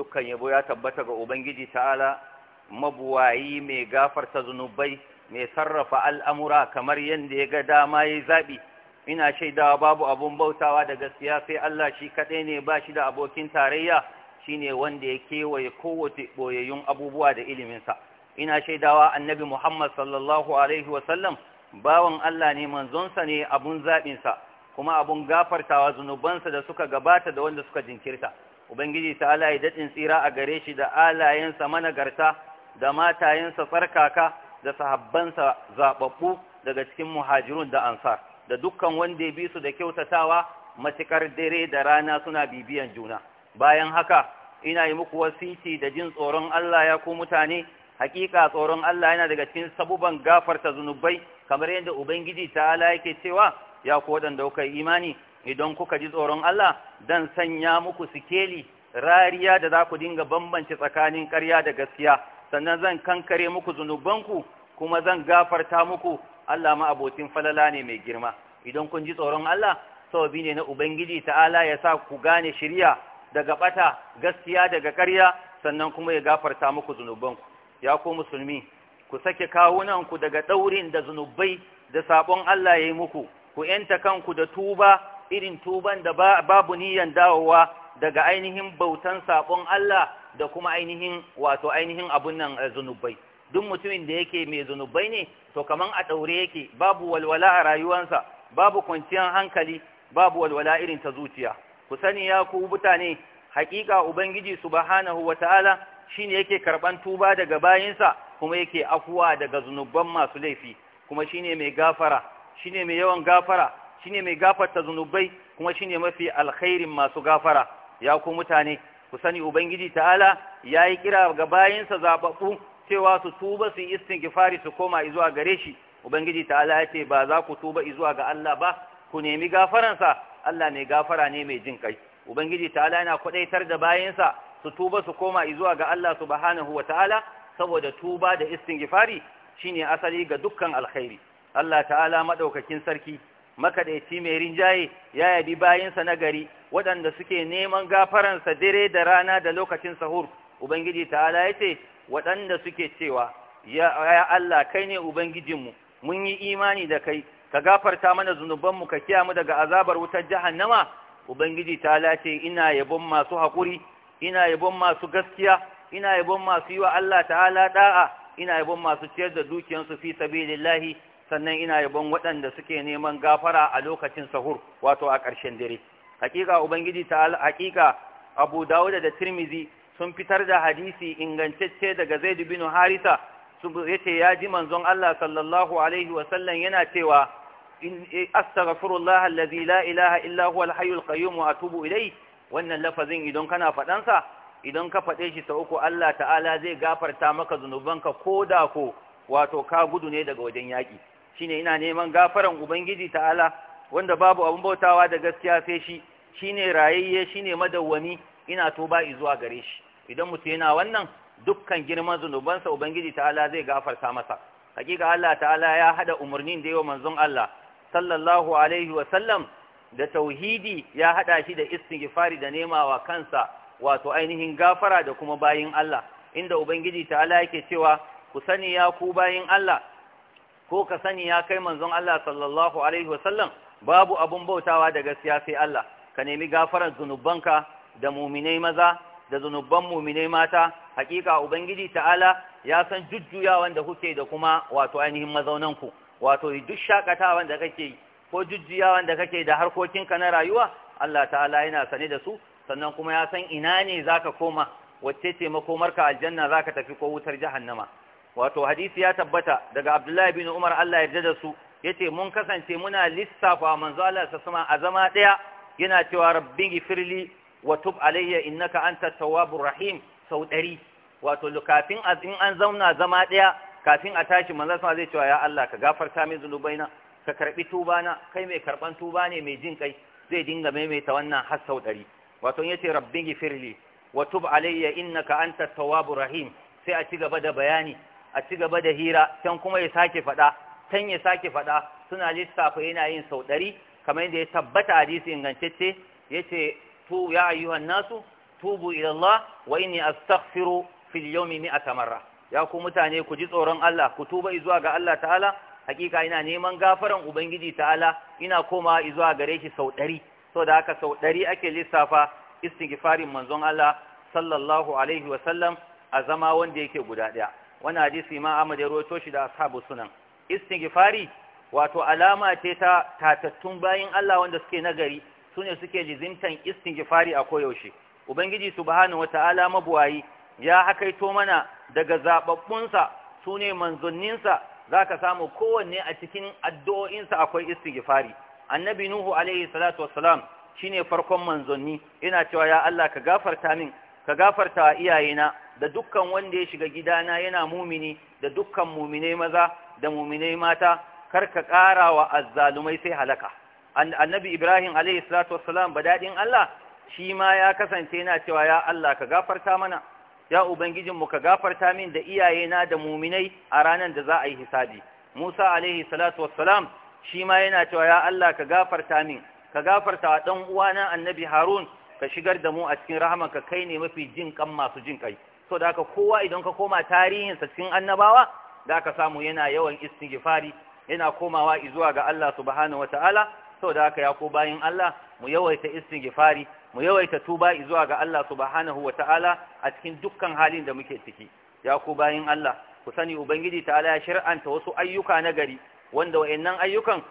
dukkan yabo ya tabbata ga ubangiji ta'ala mabuwayi mai gafarta zunubai mai sarrafa al'amura kamar yadda ya ga dama ya zaɓi ina shaidawa babu abun bautawa da gaskiya sai Allah shi kaɗai ne ba shi da abokin tarayya shi ne wanda ya kewaye kowace ɓoyayyun abubuwa da iliminsa ina shaidawa annabi muhammad sallallahu alaihi wasallam bawan Allah ne manzonsa ne abun zaɓinsa kuma abun gafartawa zunubansa da suka gabata da wanda suka jinkirta ubangiji ta ala daɗin tsira a gare shi da alayensa managarta da matayensa tsarkaka da sahabbansa zaɓaɓɓu daga cikin muhajirun da ansar da dukkan wanda ya bi su da kyautatawa matuƙar dare da rana suna bibiyan juna bayan haka ina yi muku wasiti da jin tsoron Allah ya ku mutane hakika tsoron Allah yana daga cikin sabuban gafarta zunubai kamar yadda ubangiji ta ala yake cewa ya ku waɗanda kuka imani idan kuka ji tsoron Allah dan sanya muku sikeli rariya da za ku dinga bambance tsakanin ƙarya da gaskiya sannan zan kankare muku zunubanku kuma zan gafarta muku Allah ma abotin falala ne mai girma idan kun ji tsoron Allah sababi ne na ubangiji ta'ala ya sa ku gane shirya daga bata gaskiya daga ƙarya sannan kuma ya gafarta muku zunubanku ya ku musulmi ku sake kawunanku daga daurin da zunubai da sabon Allah ya yi muku ku yanta kanku da tuba irin tuban da babu niyan dawowa daga ainihin bautan sabon Allah da kuma ainihin wato ainihin abun nan eh, zunubai duk mutumin da yake mai zunubai ne to kaman a daure yake babu walwala a rayuwarsa babu kwanciyar hankali babu walwala irin ta zuciya ku sani ya ku mutane haƙiƙa ubangiji subhanahu wataala shine yake karban tuba daga bayinsa kuma yake afuwa daga zunuban masu laifi kuma shine mai gafara shine mai yawan gafara shine mai gafarta zunubai kuma shine mafi alkhairin masu gafara ya ku mutane ku sani ubangiji ta'ala yi kira ga bayansa zababbu cewa su tuba su yi istighfari su koma zuwa gare shi ubangiji ta'ala ya ce ba za ku tuba zuwa ga Allah ba ku nemi gafaransa Allah mai gafara ne mai jin kai ubangiji ta'ala yana kwadaitar da bayansa su tuba su koma zuwa ga Allah subhanahu wa ta'ala saboda tuba da istighfari shine asali ga dukkan alkhairi Allah ta'ala madaukakin sarki makaɗaici mai rinjaye ya yabi bayinsa na gari waɗanda suke neman gafaransa dare da rana da lokacin sahur ubangiji ta'ala ya ce waɗanda suke cewa ya Allah kai ne ubangijinmu mun yi imani da kai ka gafarta mana zunubanmu ka kiya mu daga azabar wutar jahannama ubangiji ta'ala ce ina yabon masu haƙuri ina yabon masu gaskiya ina yabon masu yi wa Allah ta'ala da'a ina yabon masu ciyar da dukiyansu fi sabilillahi sannan ina yabon waɗanda suke neman gafara a lokacin sahur wato a ƙarshen dare hakika ubangiji ta hakika abu dawud da tirmizi sun fitar da hadisi ingantacce daga zaid bin harisa yace ya ji manzon Allah sallallahu alaihi wa sallam yana cewa eh, astaghfirullah allazi la ilaha illa huwa al qayyum wa atubu ilayhi wannan lafazin idan kana faɗansa, sa idan ka faɗe shi sau uku Allah ta'ala zai gafarta maka zunubanka ko da ko wato ka gudu ne daga wajen yaki. shine ina neman gafaran ubangiji ta'ala wanda babu abin bautawa da gaskiya sai shi shine rayayye shine madawwami ina tuba zuwa gare shi idan mutum yana wannan dukkan girman zunubansa ubangiji ta'ala zai gafarta masa hakika Allah ta'ala ya haɗa umarnin da yawa manzon Allah sallallahu alaihi wa sallam da tauhidi ya haɗa shi da istighfari da nemawa kansa wato ainihin gafara da kuma bayin Allah inda ubangiji ta'ala yake cewa ku sani ya ku bayin Allah ko ka sani ya kai manzon Allah sallallahu alaihi wasallam babu abun bautawa da gaskiya sai Allah ka nemi gafarar zunubanka da muminai maza da zunuban muminai mata hakika ubangiji ta'ala ya san jujjuyawan da kuke da kuma wato ainihin mazaunanku wato duk shakatawan da kake ko jujjuyawan da kake da harkokinka na rayuwa Allah ta'ala yana sane da su sannan kuma ya san ina ne zaka koma wacce taimako, marka aljanna zaka tafi ko wutar jahannama wato hadisi ya tabbata daga abdullahi bin umar Allah ya yarda da su ce mun kasance muna lissafa manzo Allah sama a zama daya yana cewa rabbi gifirli wa tub alayya innaka anta tawwabur rahim sau ɗari wato kafin in an zauna zama ɗaya, kafin a tashi manzo sama zai cewa ya Allah ka gafarta min zunubaina ka karbi tuba na kai mai karban tuba ne mai jin kai zai dinga maimaita wannan har sau ɗari wato yace rabbi gifirli wa tub alayya innaka anta tawwabur rahim sai a ci gaba da bayani a ci gaba da hira can kuma ya sake faɗa can ya sake faɗa suna lissafa yana yin sau ɗari kamar yadda ya tabbata hadisi ingantacce ya ce tu ya ayyuhan nasu tubu ilallah wa inni astaghfiru fil yawmi mi'ata ya ku mutane ku ji tsoron Allah ku tuba zuwa ga Allah ta'ala hakika ina neman gafaran ubangiji ta'ala ina koma zuwa gare shi sau ɗari da haka sau ɗari ake lissafa istighfarin manzon Allah sallallahu alaihi wa sallam a zama wanda yake guda ɗaya Wani hadisi ma Ahmad da shi da ashabu sunan istighfari wato alama ce ta tatattun bayin Allah wanda suke nagari sune suke lizimtan istighfari a koyaushe ubangiji subhanahu wataala mabuwayi ya hakaito mana daga zababbunsa sune manzanninsa zaka samu kowanne a cikin addu'o'insa akwai istighfari annabi nuhu alaihi salatu wassalam shine farkon manzonni ina cewa ya Allah ka gafarta min ka gafarta iyayena da dukkan wanda ya shiga gidana yana mumini da dukkan mumine maza da mumine mata kar ka ƙara wa azzalumai sai halaka annabi ibrahim alayhi salatu wassalam daɗin allah shi ma ya kasance yana cewa ya allah ka gafarta mana ya ubangijinmu ka gafarta min da iyayena da muminai a ranar da za a yi hisabi musa alayhi salatu wassalam shi ma yana cewa ya allah ka gafarta min ka gafarta wa dan uwana annabi harun ka shigar da mu a cikin ka kai ne mafi jin kan masu jin kai so da aka kowa idan ka koma tarihinsa cikin annabawa da aka samu yana yawan istighfari yana komawa zuwa ga Allah subhanahu wataala so da aka ya ko bayin Allah mu yawaita istighfari mu yawaita tuba zuwa ga Allah subhanahu wataala a cikin dukkan halin da muke ciki ya ko bayin Allah ku sani ubangiji ta'ala ya shar'anta wasu ayyuka na gari wanda wayannan ayyukan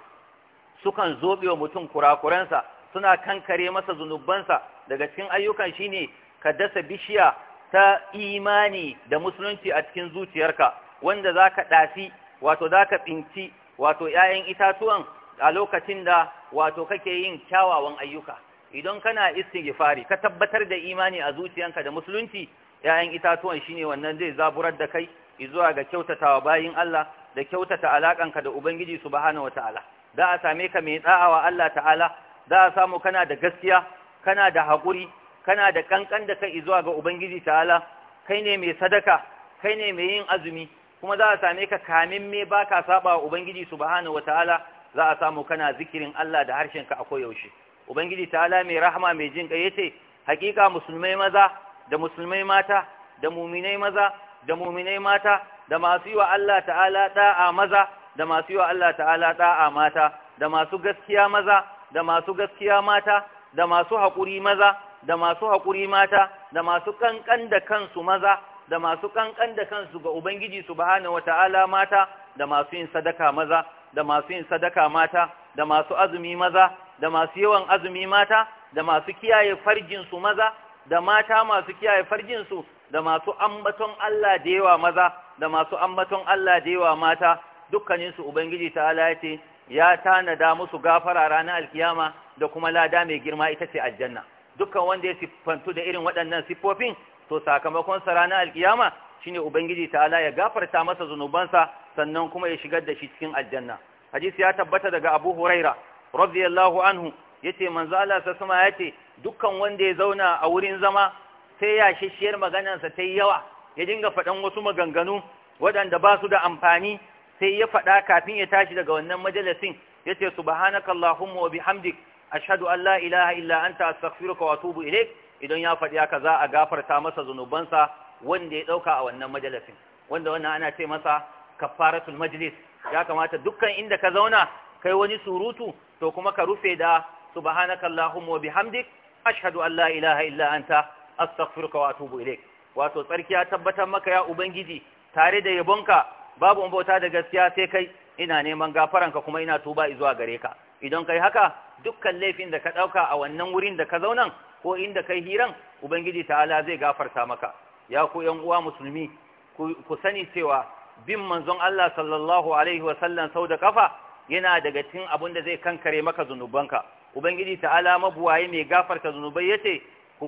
sukan zobe wa mutum kurakuransa suna kankare masa zunubansa daga cikin ayyukan shine ka dasa bishiya ta imani da musulunci a cikin zuciyarka wanda za ka ɗafi wato za ka tsinci wato ‘ya'yan itatuwan a lokacin da wato kake yin kyawawan ayyuka idan kana istighfari ka tabbatar da imani a zuciyanka da musulunci ‘ya'yan itatuwan shi ne wannan zai zaburar da kai zuwa ga kyautatawa bayin Allah da kyautata alaƙanka da Ubangiji wa ta'ala. za a same ka mai tsa'awa Allah ta'ala za a samu kana da gaskiya kana da haƙuri kana da kankan da kai zuwa ga ubangiji ta'ala kai ne mai sadaka kai ne mai yin azumi kuma za a same ka kamin me ba ka saba wa ubangiji subhanahu ta'ala? za a samu kana zikirin Allah da harshen ka a koyaushe ubangiji ta'ala mai rahama mai jin kai yace hakika musulmai maza da musulmai mata da muminai maza da muminai mata da masu yi wa Allah ta'ala da'a maza da masu yi wa Allah ta'ala da'a mata da masu gaskiya maza da masu gaskiya mata da masu haƙuri maza da masu haƙuri mata da masu kankan da kansu maza da masu kankan da kansu ga ubangiji subhanahu wata'ala mata da masu yin sadaka maza da masu yin sadaka mata da masu azumi maza da masu yawan azumi mata da masu kiyaye farjin su maza da mata masu kiyaye farjin su da masu ambaton Allah da yawa maza da masu ambaton Allah da yawa mata dukkaninsu ubangiji ta'ala ya ce ya tanada musu gafara ranar alkiyama da kuma lada mai girma ita ce aljanna dukkan wanda ya siffantu da irin waɗannan siffofin to sakamakon sa ranar alkiyama shine ubangiji ta'ala ya gafarta masa zunubansa sannan kuma ya shigar da shi cikin aljanna hadisi ya tabbata daga Abu Huraira radiyallahu anhu yace manzo Allah sa sama yace dukkan wanda ya zauna a wurin zama sai ya shishiyar maganarsa ta yi yawa ya dinga faɗan wasu maganganu waɗanda ba su da amfani sai ya faɗa kafin ya tashi daga wannan majalisin yace subhanakallahumma wa bihamdik ashhadu an la ilaha illa anta astaghfiruka wa atubu ilaik idan ya faɗi haka za a gafarta masa zunubansa wanda ya ɗauka a wannan majalisin wanda wannan ana ce masa kafaratul majlis ya kamata dukkan inda ka zauna kai wani surutu to kuma ka rufe da subhanaka allahumma wa bihamdik ashhadu an la ilaha illa anta astaghfiruka wa atubu ilaik wato tsarkiya tabbatar maka ya ubangiji tare da yabonka babu bauta da gaskiya sai kai ina neman gafaranka kuma ina tuba zuwa gare ka idan kai haka dukkan laifin da ka ɗauka a wannan wurin da ka zaunan ko inda kai hiran ubangiji ta'ala zai gafarta maka ya ku yan uwa musulmi ku sani cewa bin manzon Allah sallallahu alaihi wa sallam sau da kafa yana daga cikin abin da zai kankare maka zunubanka ubangiji ta'ala mabuwaye mai gafarta zunubai yace ku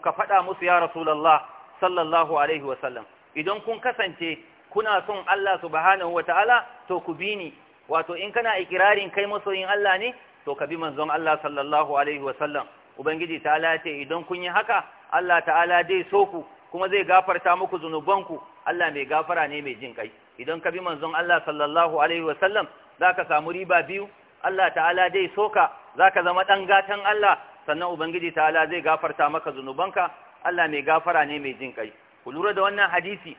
ka faɗa musu ya rasulullah sallallahu alaihi wa sallam idan kun kasance kuna son Allah subhanahu wa ta'ala to ku bi ni wato in kana ikirarin kai masoyin Allah ne to ka bi manzon Allah sallallahu alaihi wasallam ubangiji ta'ala ce idan kun yi haka Allah ta'ala zai so ku kuma zai gafarta muku zunubanku Allah mai gafara ne mai jin kai idan ka bi manzon Allah sallallahu alaihi wasallam zaka samu riba biyu Allah ta'ala zai soka zaka zama dan gatan Allah sannan ubangiji ta'ala zai gafarta maka zunubanka Allah mai gafara ne mai jin kai ku lura da wannan hadisi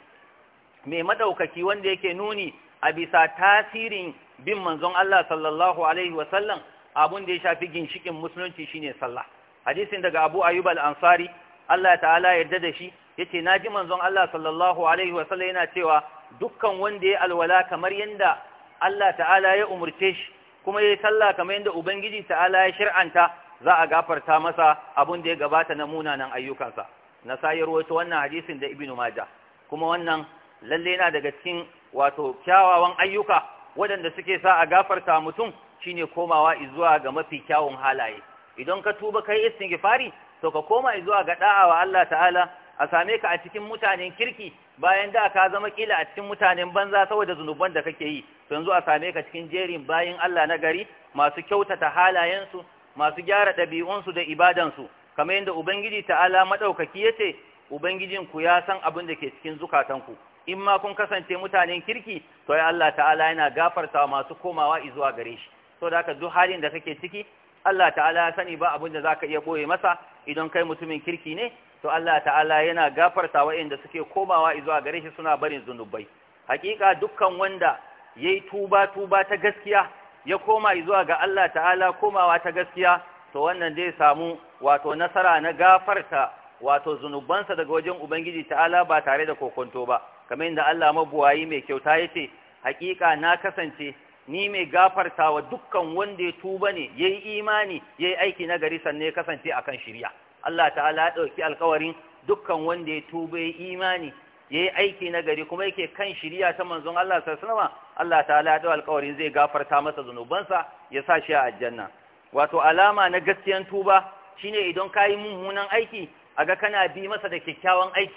mai madaukaki wanda yake nuni a bisa tasirin bin manzon Allah sallallahu alaihi wasallam abun da ya shafi ginshikin musulunci shine sallah hadisin daga Abu Ayyub al-Ansari Allah ta'ala yarda da shi yace ji manzon Allah sallallahu alaihi wasallam yana cewa dukkan wanda ya alwala kamar yanda Allah ta'ala ya umurce shi kuma yayi sallah kamar yanda ubangiji ta'ala ya shir'anta za a gafarta masa abun da ya gabata na munanan ayyukansa na sayar wato wannan hadisin da Ibn Majah kuma wannan lalle yana daga cikin wato kyawawan ayyuka waɗanda suke sa a gafarta mutum shine komawa izuwa ga mafi kyawun halaye idan ka tuba kai gifari to ka koma izuwa ga ɗa'a wa Allah ta'ala a same ka a cikin mutanen kirki bayan da ka zama ƙila a cikin mutanen banza saboda zunuban da kake yi yanzu a same ka cikin jerin bayan Allah na gari masu kyautata halayensu masu gyara ɗabi'unsu da ibadansu kamar yadda ubangiji ta'ala maɗaukaki madaukaki ubangijin ubangijinku ya san abin da ke cikin zukatanku in ma kun kasance mutanen kirki to ya Allah ta'ala yana gafarta masu komawa zuwa gare shi so da ka duk halin da kake ciki Allah ta'ala ya sani ba abin da ka iya boye masa idan kai mutumin kirki ne to Allah ta'ala yana gafarta waɗanda suke komawa zuwa gare shi suna barin zunubai hakika dukkan wanda yayi tuba tuba ta gaskiya ya koma zuwa ga Allah ta'ala komawa ta gaskiya to wannan zai samu wato nasara na gafarta wato zunubansa daga wajen Ubangiji ta'ala ba tare da kokonto ba kamar inda Allah mabuwayi mai kyauta ya ce hakika na kasance ni mai gafartawa dukkan wanda ya tuba ne ya yi imani ya yi aiki na gari sannan ya kasance a kan shirya. Allah ta'ala ya ɗauki alƙawarin dukkan wanda ya tuba ya yi imani ya yi aiki na gari kuma yake kan shirya ta manzon Allah sallallahu Allah ta'ala ya ɗau alƙawarin zai gafarta masa zunubansa ya sa shi a aljanna wato alama na gaskiyan tuba shine idan kayi mummunan aiki a ga kana bi masa da kyakkyawan aiki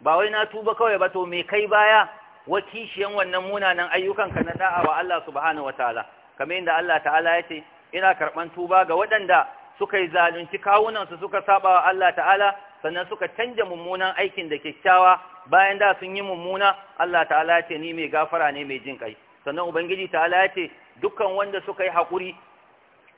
ba wai na tuba kawai ba to me kai baya wa kishiyan wannan munanan ayyukan ka na da'a wa Allah subhanahu wataala kamar inda Allah ta'ala ya ina karban tuba ga waɗanda suka yi zalunci kawunan su suka saba wa Allah ta'ala sannan suka canja mummunan aikin da kyakkyawa bayan da sun yi mummuna Allah ta'ala ya ce ni mai gafara ne mai jin kai sannan ubangiji ta'ala ya dukkan wanda suka yi hakuri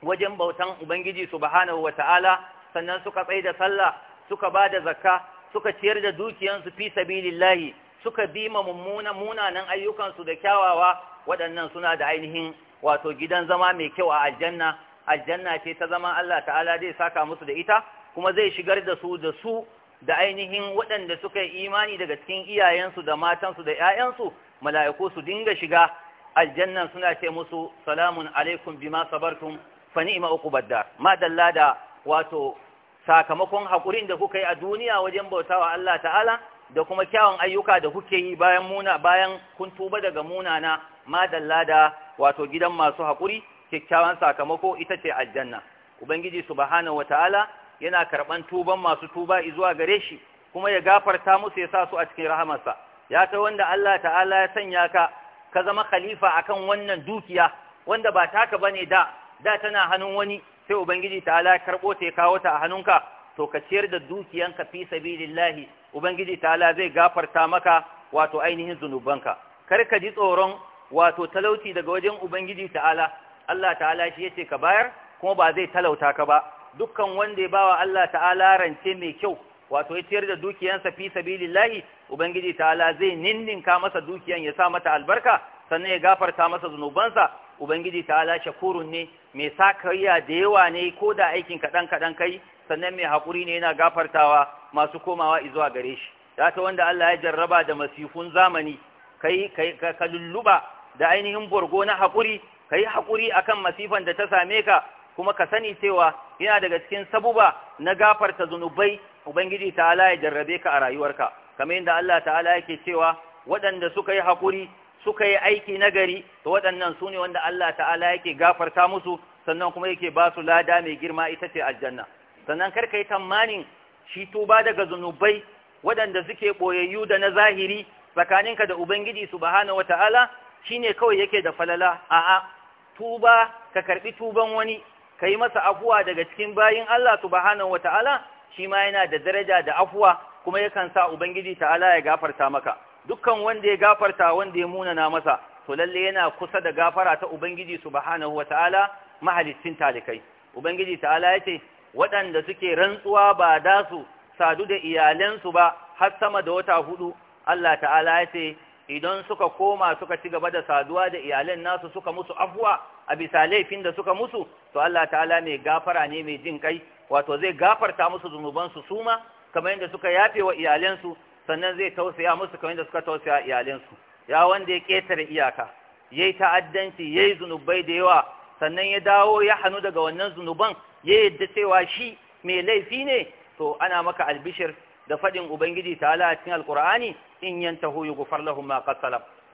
wajen bautan ubangiji subhanahu wataala sannan suka tsaye da sallah suka ba da zakka suka ciyar da dukiyansu fi sabilillahi suka bi ma mummuna munanan ayyukansu da kyawawa waɗannan suna da ainihin wato gidan zama mai kyau a aljanna aljanna ce ta zama Allah ta'ala zai saka musu da ita kuma zai shigar da su da su da ainihin waɗanda suka yi imani daga cikin iyayensu da matansu da ‘ya'yansu mala'iku su dinga shiga aljanna suna ce musu salamun alaikum bima sabartum fa ni'ma uqubad ma dalla da wato sakamakon haƙurin da kuka yi a duniya wajen bautawa Allah ta'ala da kuma kyawun ayyuka da kuke yi bayan muna bayan kun tuba daga munana madalla da wato gidan masu haƙuri kyakkyawan sakamako ita ce aljanna ubangiji subhanahu wataala yana karban tuban masu tuba zuwa gare shi kuma ya gafarta musu ya sa su a cikin rahamarsa ya kai wanda Allah ta'ala ya sanya ka ka zama khalifa akan wannan dukiya wanda ba taka bane da da tana hannun wani sai ubangiji ta ala karbo ta ya kawo ta a hannunka to ka ciyar da dukiyanka fi sabilillahi ubangiji ala zai gafarta maka wato ainihin zunubanka kar ka ji tsoron wato talauci daga wajen ubangiji ta ala Allah ta'ala shi yace ka bayar kuma ba zai talauta ka ba dukkan wanda ya bawa Allah ta'ala rance mai kyau wato ya ciyar da dukiyansa fi sabilillahi ubangiji ta ala zai ninninka masa dukiyan ya sa mata albarka sannan ya gafarta masa zunubansa ubangiji ta'ala shakurun ne mai kariya da yawa ne ko da aikin kaɗan kaɗan kai sannan mai haƙuri ne yana gafartawa masu komawa izuwa gare shi Ya ta wanda Allah ya jarraba da masifun zamani kai ka lulluba da ainihin borgo na haƙuri ka yi haƙuri akan masifan da ta same ka kuma ka sani cewa yana daga cikin sabuba na gafarta zunubai ubangiji ta'ala ya jarrabe ka a rayuwarka kamar yadda Allah ta'ala yake cewa waɗanda suka yi haƙuri suka yi aiki nagari to waɗannan su ne wanda Allah ta'ala yake gafarta musu sannan kuma yake ba su lada mai girma ita ce aljanna sannan karka yi tamanin shi tuba daga zunubai waɗanda suke ɓoyayyu da na zahiri tsakaninka da ubangiji subhanahu wata'ala shine kawai yake da falala a'a tuba ka karɓi tuban wani kai masa afuwa daga cikin bayin Allah subhanahu wata'ala shi ma yana da daraja da afuwa kuma yakan sa ubangiji ta'ala ya gafarta maka dukkan wanda ya gafarta wanda ya munana masa to lalle yana kusa da gafara ta ubangiji subhanahu wataala mahalicin talikai ubangiji ta'ala yace waɗanda suke rantsuwa ba da su sadu da iyalansu ba har sama da wata hudu Allah ta'ala yace idan suka koma suka ci gaba da saduwa da iyalan nasu suka musu afwa a bisa laifin da suka musu to Allah ta'ala mai gafara ne mai jin kai wato zai gafarta musu zunubansu suma kamar yadda suka yafe wa iyalansu sannan zai tausaya musu kamar da suka tausaya iyalinsu ya wanda ya ƙetare iyaka ya yi ta'addanci ya yi zunubai da yawa sannan ya dawo ya hannu daga wannan zunuban ya yadda cewa shi mai laifi ne to ana maka albishir da faɗin ubangiji ta ala cikin Alƙur'ani, in yan ta gufar lahun ma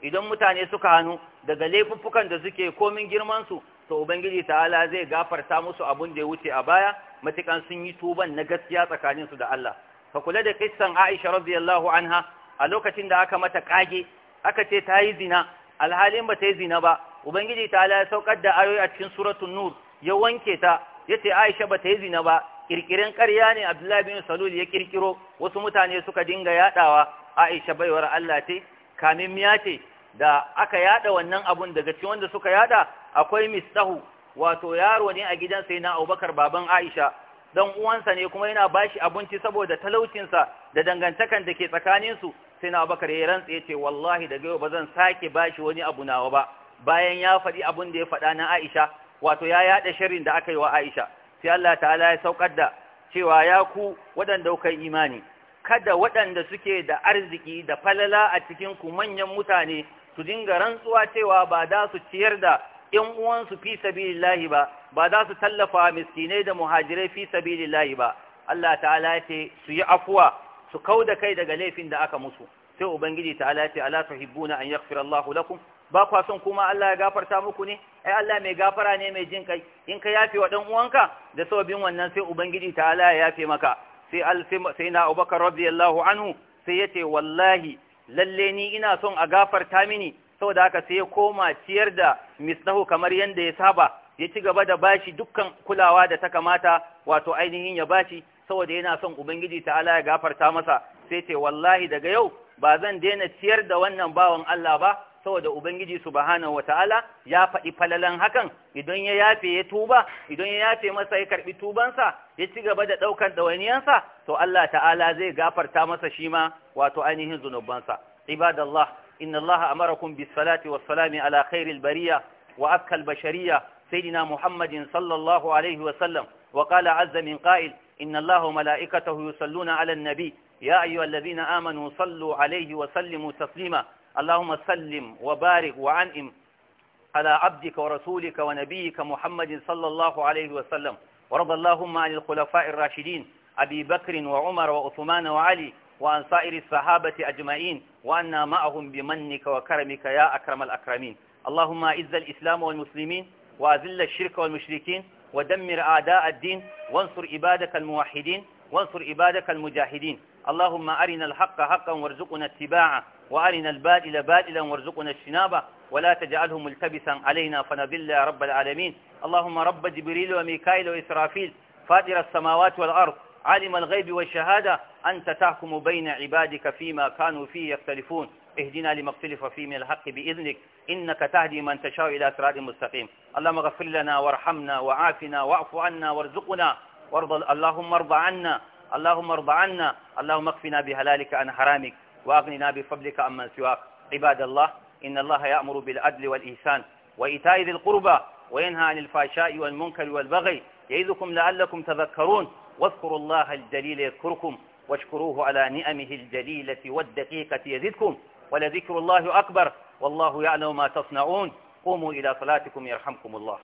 idan mutane suka hannu daga laifuffukan da suke komin girmansu to ubangiji ta ala zai gafarta musu abun da ya wuce a baya matukan sun yi tuban na gaskiya tsakaninsu da Allah ka kula da kissan Aisha radiyallahu anha a lokacin da aka mata kage aka ce ta yi zina alhalin ba ta yi zina ba ubangiji ta ala saukar da ayoyi a cikin suratul nur ya wanke ta yace Aisha ba ta yi zina ba kirkirin ƙarya ne Abdullahi bin Salul ya kirkiro wasu mutane suka dinga yadawa Aisha baiwar Allah ce kamin miya ce da aka yada wannan abun daga cikin wanda suka yada akwai mistahu wato yaro ne a gidan sai na Abubakar baban Aisha dan uwansa ne kuma yana ba shi abinci saboda talaucinsa da dangantakan da ke tsakaninsu sai na abakar ya rantsa ya ce wallahi daga yau ba zan sake shi wani abu nawa ba bayan ya faɗi abin da ya faɗa na Aisha wato ya yaɗa sharrin da aka yi wa Aisha sai Allah ta'ala ya saukar da cewa ya ku waɗanda kuka imani kada waɗanda suke da arziki da falala a cikin ku manyan mutane su dinga rantsuwa cewa ba da su ciyar da ƴan uwansu fi sabilillahi ba ba za su tallafa miskinai da muhajirai fi sabilillahi ba Allah ta'ala ya ce su yi afuwa su kauda kai daga laifin da aka musu sai ubangiji ta'ala ya ce ala tuhibbuna an yaghfira Allahu lakum ba kwa son kuma Allah ya gafarta muku ne ai Allah mai gafara ne mai jin kai in ka yafe wa ɗan'uwanka? uwanka da sababin wannan sai ubangiji ta'ala ya yafe maka sai sai na Abubakar radiyallahu anhu sai yace wallahi lalle ni ina son a gafarta mini saboda haka sai ya koma ciyar da mislahu kamar yanda ya saba ya ci gaba da bashi dukkan kulawa da ta kamata wato ainihin ya bashi saboda yana son ubangiji ta'ala ya gafarta masa sai ce wallahi daga yau ba zan daina ciyar da wannan bawan Allah ba saboda ubangiji subhanahu wataala ya faɗi falalan hakan idan ya yafe ya tuba idan ya yafe masa ya karbi tubansa ya ci gaba da ɗaukan ɗawainiyansa to Allah ta'ala zai gafarta masa shi ma wato ainihin zunubansa ibadallah inna Allah amarakum bis salati was salami ala khairil bariya wa akal bashariya سيدنا محمد صلى الله عليه وسلم وقال عز من قائل إن الله ملائكته يصلون على النبي يا أيها الذين آمنوا صلوا عليه وسلموا تسليما اللهم سلم وبارك وعنئم على عبدك ورسولك ونبيك محمد صلى الله عليه وسلم ورضى اللهم عن الخلفاء الراشدين أبي بكر وعمر وعثمان وعلي وعن سائر الصحابة أجمعين وأنا معهم بمنك وكرمك يا أكرم الأكرمين اللهم إذ الإسلام والمسلمين وأذل الشرك والمشركين ودمر أعداء الدين وانصر عبادك الموحدين وانصر عبادك المجاهدين اللهم أرنا الحق حقا وارزقنا اتباعه وأرنا البادل بادلا وارزقنا اجتنابه ولا تجعله ملتبسا علينا فنضل يا رب العالمين اللهم رب جبريل وميكائيل وإسرافيل فاطر السماوات والأرض عالم الغيب والشهادة أنت تحكم بين عبادك فيما كانوا فيه يختلفون اهدنا لما اختلف فيه من الحق بإذنك إنك تهدي من تشاء إلى صراط مستقيم اللهم اغفر لنا وارحمنا وعافنا واعف عنا وارزقنا وارض اللهم ارض عنا اللهم ارض عنا اللهم اكفنا بهلالك عن حرامك واغننا بفضلك من سواك عباد الله إن الله يأمر بالعدل والإحسان وإيتاء ذي القربى وينهى عن الفحشاء والمنكر والبغي يعظكم لعلكم تذكرون واذكروا الله الجليل يذكركم واشكروه على نعمه الجليلة والدقيقة يزدكم ولذكر الله أكبر والله يعلم ما تصنعون قوموا إلى صلاتكم يرحمكم الله